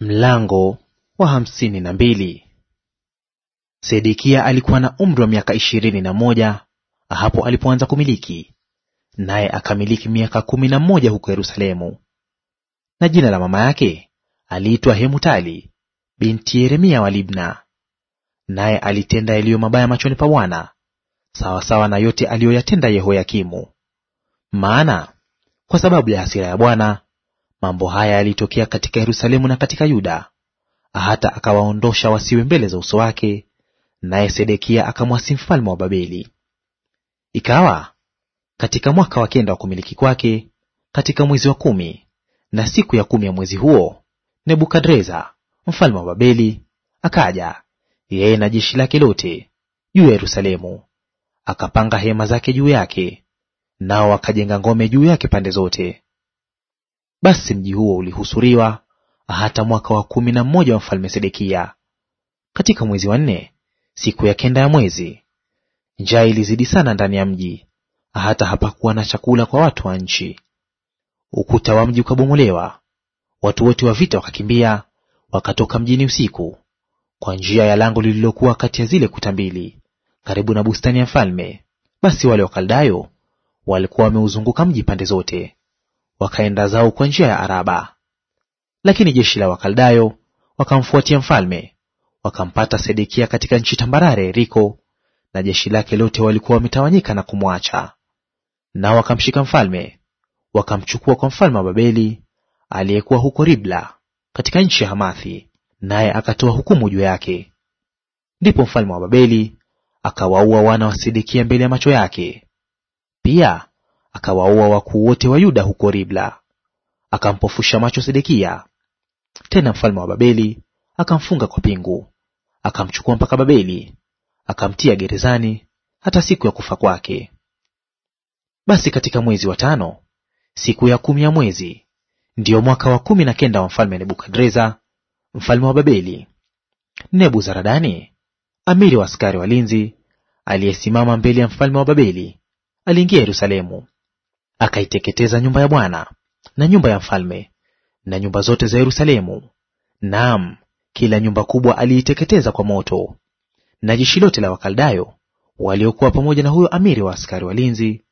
Mlango wa hamsini na mbili. Sedekia alikuwa na umri wa miaka ishirini na moja hapo alipoanza kumiliki, naye akamiliki miaka kumi na moja huko Yerusalemu. Na jina la mama yake aliitwa Hemutali binti Yeremia wa Libna, naye alitenda yaliyo mabaya machoni pa Bwana sawasawa na yote aliyoyatenda Yehoyakimu, maana kwa sababu ya hasira ya Bwana Mambo haya yalitokea katika Yerusalemu na katika Yuda, hata akawaondosha wasiwe mbele za uso wake, naye Sedekia akamwasi mfalme wa Babeli. Ikawa katika mwaka wa kenda wa kumiliki kwake, katika mwezi wa kumi na siku ya kumi ya mwezi huo, Nebukadreza mfalme wa Babeli akaja, yeye na jeshi lake lote, juu ya Yerusalemu, akapanga hema zake juu yake, nao wakajenga ngome juu yake pande zote basi mji huo ulihusuriwa hata mwaka wa kumi na mmoja wa mfalme Sedekia. Katika mwezi wa nne, siku ya kenda ya mwezi, njaa ilizidi sana ndani ya mji, hata hapakuwa na chakula kwa watu wa nchi. Ukuta wa mji ukabomolewa, watu wote wa vita wakakimbia, wakatoka mjini usiku kwa njia ya lango lililokuwa kati ya zile kuta mbili, karibu na bustani ya mfalme. Basi wale Wakaldayo walikuwa wameuzunguka mji pande zote wakaenda zao kwa njia ya Araba. Lakini jeshi la Wakaldayo wakamfuatia mfalme, wakampata Sedekia katika nchi tambarare Yeriko, na jeshi lake lote walikuwa wametawanyika na kumwacha. Nao wakamshika mfalme, wakamchukua kwa mfalme wa Babeli aliyekuwa huko Ribla katika nchi ya Hamathi, naye akatoa hukumu juu yake. Ndipo mfalme wa Babeli akawaua wana wa Sedekia mbele ya macho yake. Pia akawaua wakuu wote wa Yuda huko Ribla. Akampofusha macho Sedekia. Tena mfalme wa Babeli akamfunga kwa pingu, akamchukua mpaka Babeli, akamtia gerezani hata siku ya kufa kwake. Basi katika mwezi wa tano, siku ya kumi ya mwezi, ndiyo mwaka wa kumi na kenda wa mfalme Nebukadreza mfalme wa Babeli, Nebuzaradani amiri wa askari walinzi aliyesimama mbele ya mfalme wa Babeli aliingia Yerusalemu akaiteketeza nyumba ya Bwana na nyumba ya mfalme na nyumba zote za Yerusalemu; naam, kila nyumba kubwa aliiteketeza kwa moto. Na jeshi lote la Wakaldayo waliokuwa pamoja na huyo amiri wa askari walinzi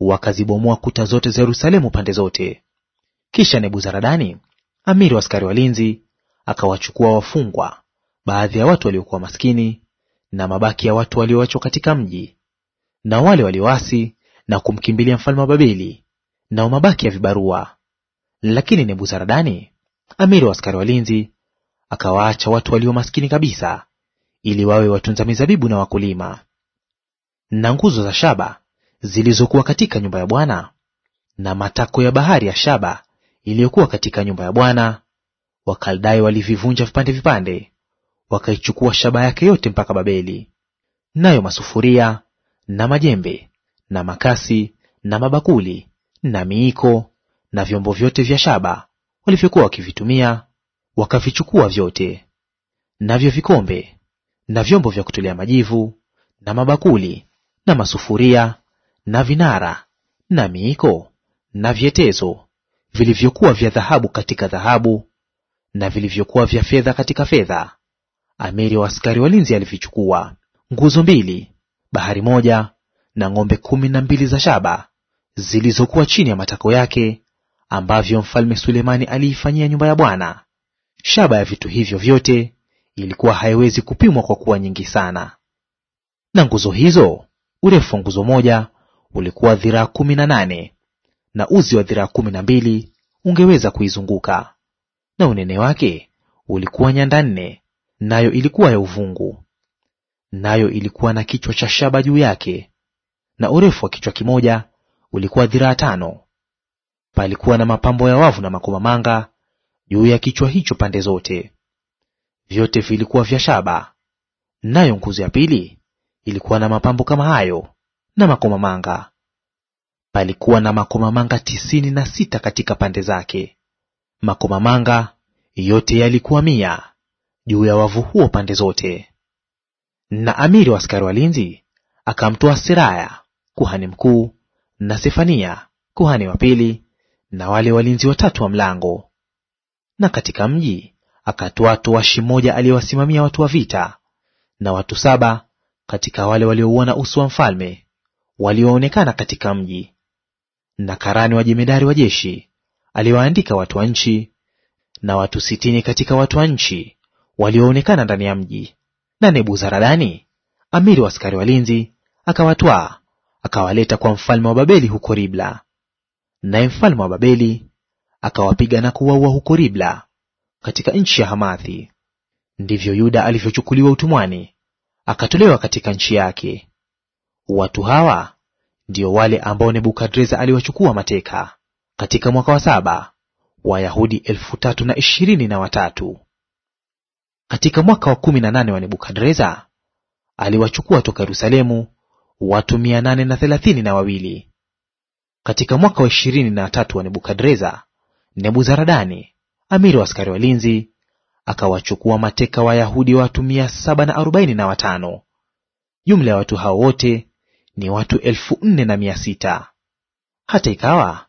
wakazibomoa kuta zote za Yerusalemu pande zote. Kisha Nebuzaradani amiri wa askari walinzi akawachukua wafungwa, baadhi ya watu waliokuwa maskini na mabaki ya watu walioachwa katika mji, na wale walioasi na kumkimbilia mfalme wa Babeli, na mabaki ya vibarua. Lakini Nebuzaradani, amiri wa askari walinzi, akawaacha watu walio maskini kabisa, ili wawe watunza mizabibu na wakulima. Na nguzo za shaba zilizokuwa katika nyumba ya Bwana na matako ya bahari ya shaba iliyokuwa katika nyumba ya Bwana, Wakaldai walivivunja vipande vipande, wakaichukua shaba yake yote mpaka Babeli. Nayo masufuria na majembe na makasi na mabakuli na miiko na vyombo vyote vya shaba walivyokuwa wakivitumia, wakavichukua vyote, navyo vikombe na vyombo vya kutolea majivu na mabakuli na masufuria na vinara na miiko na vyetezo vilivyokuwa vya dhahabu katika dhahabu na vilivyokuwa vya fedha katika fedha. Amiri wa askari walinzi alivichukua. Nguzo mbili, bahari moja na ng'ombe kumi na mbili za shaba zilizokuwa chini ya matako yake, ambavyo mfalme Sulemani aliifanyia nyumba ya Bwana. Shaba ya vitu hivyo vyote ilikuwa haiwezi kupimwa kwa kuwa nyingi sana. Na nguzo hizo, urefu wa nguzo moja ulikuwa dhiraa kumi na nane na uzi wa dhiraa kumi na mbili ungeweza kuizunguka, na unene wake ulikuwa nyanda nne, nayo ilikuwa ya uvungu, nayo ilikuwa na kichwa cha shaba juu yake na urefu wa kichwa kimoja ulikuwa dhiraa tano. Palikuwa na mapambo ya wavu na makomamanga juu ya kichwa hicho pande zote, vyote vilikuwa vya shaba. Nayo nguzo ya pili ilikuwa na mapambo kama hayo na makomamanga. Palikuwa na makomamanga tisini na sita katika pande zake. Makomamanga yote yalikuwa mia juu ya wavu huo pande zote. Na amiri wa askari walinzi akamtoa Seraya kuhani mkuu, na Sefania kuhani wa pili, na wale walinzi watatu wa mlango. Na katika mji akatwaa towashi mmoja aliyewasimamia watu wa vita, na watu saba katika wale waliouona uso wa mfalme walioonekana katika mji, na karani wa jemedari wa jeshi aliwaandika watu wa nchi, na watu sitini katika watu wa nchi walioonekana ndani ya mji. Na Nebuzaradani amiri wa askari walinzi akawatwaa akawaleta kwa mfalme wa Babeli huko Ribla. Naye mfalme wa Babeli akawapiga na kuwaua huko Ribla katika nchi ya Hamathi. Ndivyo Yuda alivyochukuliwa utumwani akatolewa katika nchi yake. Watu hawa ndio wale ambao Nebukadreza aliwachukua mateka katika mwaka wa saba Wayahudi elfu tatu na ishirini na watatu. Katika mwaka wa kumi na nane wa Nebukadreza aliwachukua toka Yerusalemu watu mia nane na thelathini na wawili. Katika mwaka wa ishirini na tatu wa Nebukadreza, Nebuzaradani amiri wa askari walinzi akawachukua mateka Wayahudi watu mia saba na arobaini na watano. Jumla ya watu hao wote ni watu elfu nne na mia sita. Hata ikawa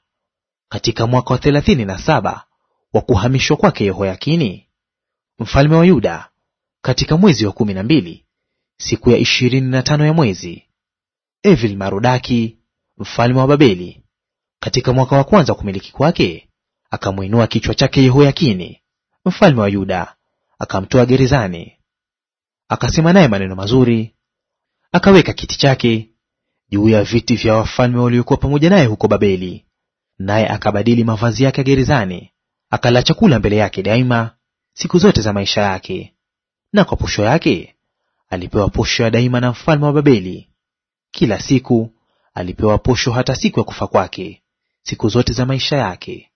katika mwaka wa thelathini na saba wa kuhamishwa kwake Yehoyakini mfalme wa Yuda, katika mwezi wa kumi na mbili siku ya ishirini na tano ya mwezi, Evil-Merodaki mfalme wa Babeli katika mwaka wa kwanza wa kumiliki kwake, akamwinua kichwa chake Yehoyakini mfalme wa Yuda, akamtoa gerezani, akasema naye maneno mazuri, akaweka kiti chake juu ya viti vya wafalme waliokuwa pamoja naye huko Babeli, naye akabadili mavazi yake gerezani, akala chakula mbele yake daima siku zote za maisha yake. Na kwa posho yake alipewa posho ya daima na mfalme wa Babeli kila siku alipewa posho hata siku ya kufa kwake, siku zote za maisha yake.